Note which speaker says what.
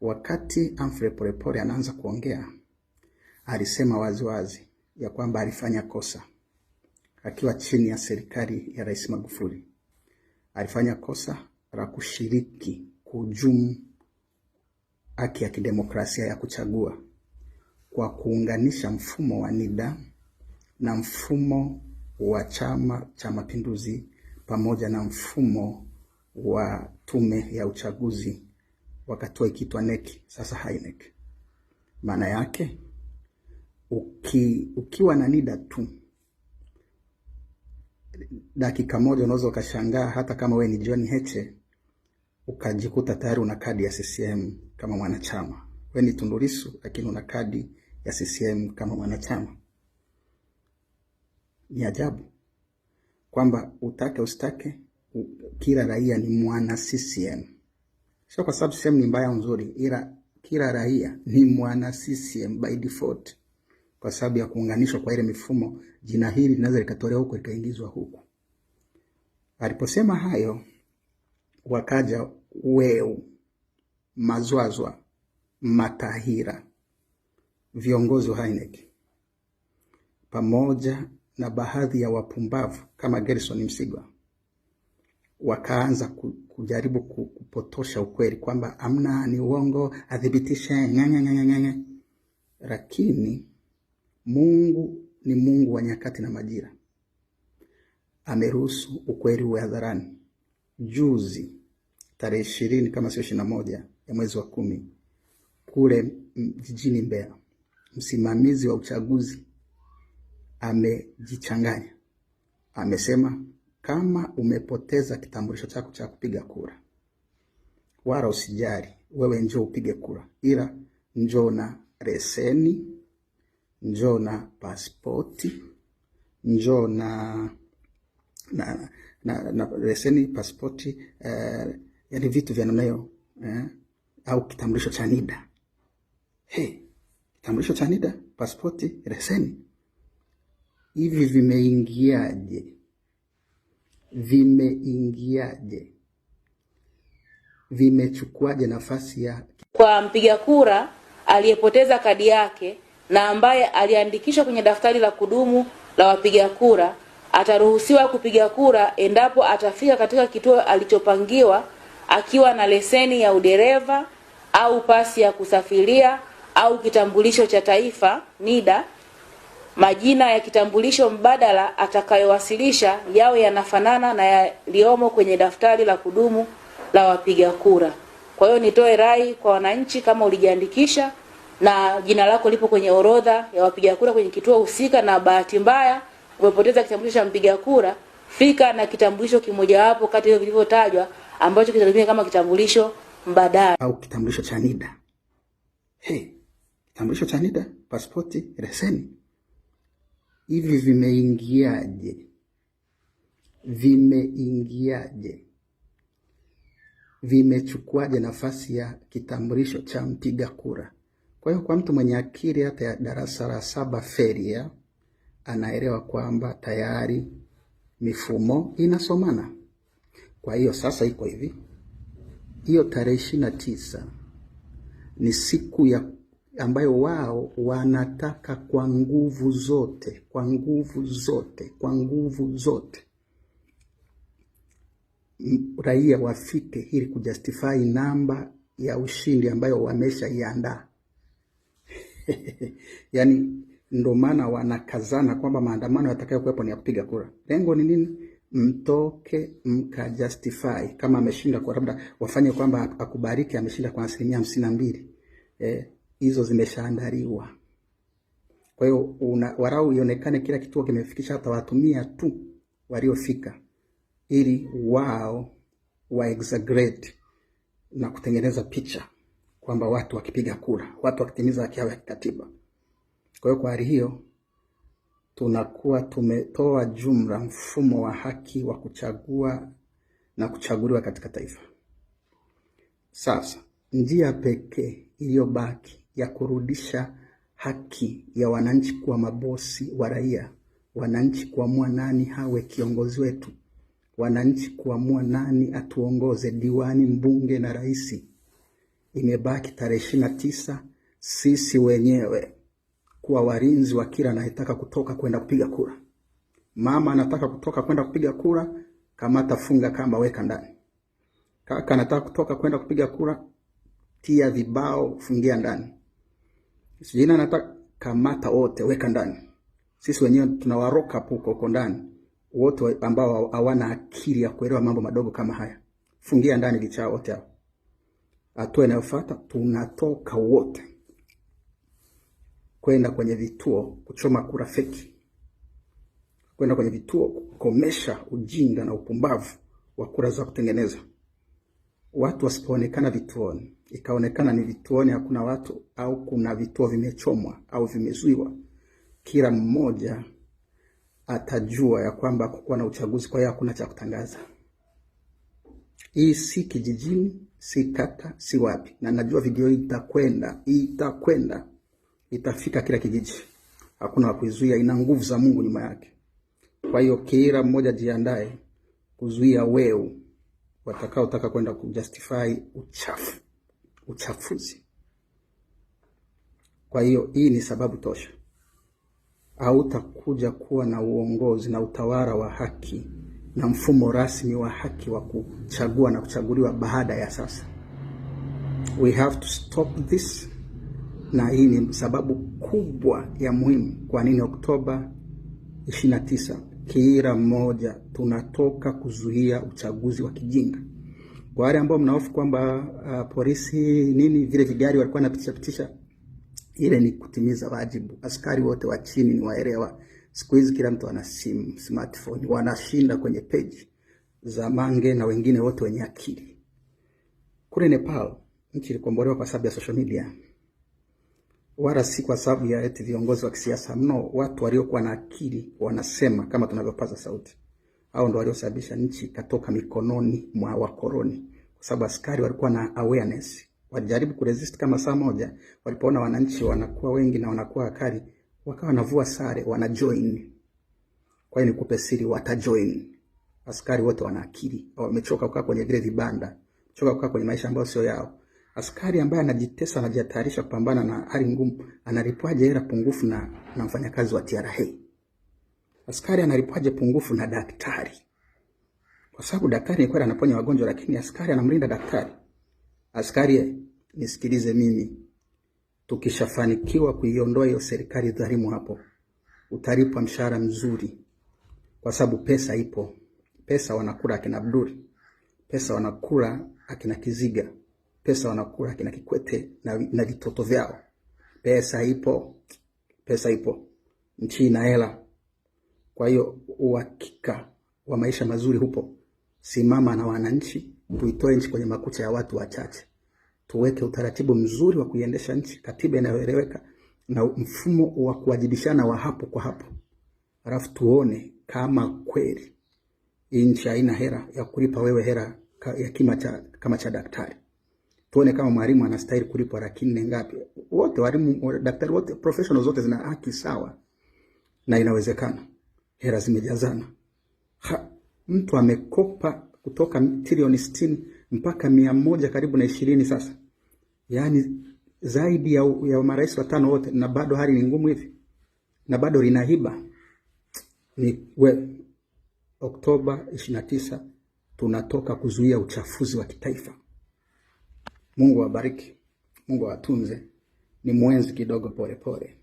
Speaker 1: Wakati Humphrey Polepole anaanza kuongea, alisema waziwazi wazi ya kwamba alifanya kosa akiwa chini ya serikali ya Rais Magufuli. Alifanya kosa la kushiriki kuhujumu haki ya kidemokrasia ya kuchagua kwa kuunganisha mfumo wa NIDA na mfumo wa Chama cha Mapinduzi pamoja na mfumo wa Tume ya Uchaguzi wakatoa ikiitwa neki sasa HINEC. Maana yake uki, ukiwa na NIDA tu dakika moja unaweza ukashangaa hata kama wewe ni John Heche ukajikuta tayari una kadi ya CCM kama mwanachama. Wewe ni Tundu Lissu lakini una kadi ya CCM kama mwanachama. Ni ajabu kwamba utake usitake, kila raia ni mwana CCM. Sio kwa sababu CCM ni mbaya nzuri, ila kila raia ni mwana CCM by default, kwa sababu ya kuunganishwa kwa ile mifumo. Jina hili linaweza likatolewa huko likaingizwa huku. Aliposema hayo, wakaja weu, mazwazwa, matahira, viongozi wa INEC pamoja na baadhi ya wapumbavu kama Gerson Msigwa wakaanza kujaribu kupotosha ukweli kwamba amna, ni uongo, athibitishe nyanya nyanya nyanya. Lakini Mungu ni Mungu wa nyakati na majira, ameruhusu ukweli wa hadharani. Juzi tarehe ishirini kama sio ishirini na moja ya mwezi wa kumi kule jijini Mbeya, msimamizi wa uchaguzi amejichanganya, amesema kama umepoteza kitambulisho chako cha kupiga kura, wala usijali, wewe njoo upige kura, ila njoo na leseni, njoo na pasipoti, njoo na na, na, na leseni, pasipoti, eh, yani vitu vya namna hiyo eh, au kitambulisho cha NIDA. Hey, kitambulisho cha NIDA, pasipoti, leseni, hivi vimeingiaje vimeingiaje, vimechukuaje nafasi ya
Speaker 2: kwa mpiga kura aliyepoteza kadi yake na ambaye aliandikishwa kwenye daftari la kudumu la wapiga kura ataruhusiwa kupiga kura endapo atafika katika kituo alichopangiwa akiwa na leseni ya udereva au pasi ya kusafiria au kitambulisho cha taifa NIDA majina ya kitambulisho mbadala atakayowasilisha yawe yanafanana na yaliyomo kwenye daftari la kudumu la wapiga kura. Kwa hiyo nitoe rai kwa wananchi, kama ulijiandikisha na jina lako lipo kwenye orodha ya wapiga kura kwenye kituo husika, na bahati mbaya umepoteza kitambulisho cha mpiga kura, fika na kitambulisho kimojawapo kati ya vilivyotajwa ambacho kitatumika kama kitambulisho mbadala
Speaker 1: au kitambulisho cha NIDA. Hey, kitambulisho cha NIDA, pasipoti, leseni hivi vimeingiaje? Vimeingiaje? Vimechukuaje nafasi ya kitambulisho cha mpiga kura? Kwa hiyo kwa mtu mwenye akili hata ya darasa la saba feria anaelewa kwamba tayari mifumo inasomana. Kwa hiyo sasa iko hivi, hiyo tarehe ishirini na tisa ni siku ya ambayo wao wanataka kwa nguvu zote, kwa nguvu zote, kwa nguvu zote raia wafike ili kujustify namba ya ushindi ambayo wameshaiandaa. Yaani ndo maana wanakazana kwamba maandamano yatakayokuwepo ni ya kupiga kura. Lengo ni nini? Mtoke mkajustify kama ameshinda kwa labda wafanye kwamba akubariki ameshinda kwa asilimia hamsini na mbili eh, hizo zimeshaandaliwa. Kwa hiyo warau ionekane kila kituo kimefikisha hata watumia tu waliofika, ili wao wa exaggerate na kutengeneza picha kwamba watu wakipiga kura, watu wakitimiza haki yao ya kikatiba. Kwa hiyo kwa hali hiyo tunakuwa tumetoa jumla mfumo wa haki wa kuchagua na kuchaguliwa katika taifa. Sasa njia pekee iliyobaki ya kurudisha haki ya wananchi kuwa mabosi wa raia, wananchi kuamua nani hawe kiongozi wetu, wananchi kuamua nani atuongoze, diwani, mbunge na rais. Imebaki tarehe ishirini na tisa sisi wenyewe kuwa walinzi wa kila anayetaka kutoka kwenda kupiga kura. Mama anataka kutoka kwenda kupiga kura, kamata, funga kamba, weka ndani. Kaka anataka kutoka kwenda kupiga kura, tia vibao, fungia ndani. Sijina anataka kamata wote, weka ndani. Sisi wenyewe tunawaroka puko huko ndani wote ambao hawana akili ya kuelewa mambo madogo kama haya. Fungia ndani vichaa wote hao. Hatua inayofuata tunatoka wote kwenda kwenye vituo kuchoma kura feki, kwenda kwenye vituo kukomesha ujinga na upumbavu wa kura za kutengeneza watu wasipoonekana vituoni, ikaonekana ni vituoni hakuna watu au kuna vituo vimechomwa au vimezuiwa, kila mmoja atajua ya kwamba kukuwa na uchaguzi, kwa hiyo hakuna cha kutangaza. Hii si kijijini, si kata, si wapi, na najua video hii itakwenda, itakwenda, itafika kila kijiji, hakuna wakuizuia kuizuia, ina nguvu za Mungu nyuma yake. Kwa hiyo kila mmoja jiandae kuzuia weu watakaotaka kwenda kujustify uchafu uchafuzi. Kwa hiyo hii ni sababu tosha, hautakuja kuwa na uongozi na utawala wa haki na mfumo rasmi wa haki wa kuchagua na kuchaguliwa baada ya sasa. We have to stop this, na hii ni sababu kubwa ya muhimu kwa nini Oktoba 29 kila mmoja tunatoka kuzuia uchaguzi wa kijinga. Kwa wale ambao mnahofu kwamba uh, polisi nini vile vigari walikuwa wanapitisha pitisha, ile ni kutimiza wajibu. Askari wote wa chini ni waelewa, siku hizi kila mtu ana simu smartphone, wanashinda kwenye peji za Mange na wengine wote wenye akili. Kule Nepal nchi ilikombolewa kwa sababu ya social media wala si kwa sababu ya eti viongozi wa kisiasa mno. Watu waliokuwa na akili wanasema kama tunavyopaza sauti, au ndo waliosababisha nchi katoka mikononi mwa wakoloni, kwa sababu askari walikuwa na awareness, walijaribu kuresist kama saa moja, walipoona wananchi wanakuwa wengi na wanakuwa wakali, wakawa wanavua sare, wanajoin. Kwa hiyo nikupe siri, watajoin. Askari wote wana akili, wamechoka kukaa kwenye vile vibanda, choka kukaa kwenye maisha ambayo sio yao. Askari ambaye anajitesa anajitayarisha kupambana na hali ngumu analipwaje hela pungufu na, na mfanyakazi wa TRA? Askari analipwaje pungufu na daktari? Kwa sababu daktari ni kweli anaponya wagonjwa, lakini askari anamlinda daktari. Askari nisikilize mimi, tukishafanikiwa kuiondoa hiyo serikali dhalimu hapo, utalipwa mshahara mzuri, kwa sababu pesa ipo. Pesa wanakula akina Abduri, pesa wanakula akina Kiziga pesa wanakula kina Kikwete na, na vitoto vyao. Pesa ipo, pesa ipo nchi na hela. Kwa hiyo uhakika wa maisha mazuri hupo. Simama na wananchi, tuitoe nchi kwenye makucha ya watu wachache, tuweke utaratibu mzuri wa kuiendesha nchi, katiba inayoeleweka na mfumo wa kuwajibishana wa hapo kwa hapo, alafu tuone kama kweli nchi haina hera ya kulipa wewe hera ya kima cha, kama cha daktari tuone kama mwalimu anastahili kulipwa laki nne ngapi. Wote walimu, daktari wote, professional zote zina haki sawa, na inawezekana hela zimejazana. Ha, mtu amekopa kutoka trilioni sitini mpaka mia moja karibu na ishirini sasa, yaani zaidi ya, ya marais watano wote, na bado hali ni ngumu hivi, na bado lina hiba ni we, Oktoba 29 tunatoka kuzuia uchafuzi wa kitaifa. Mungu awabariki, Mungu awatunze. Ni mwenzi kidogo, polepole pole.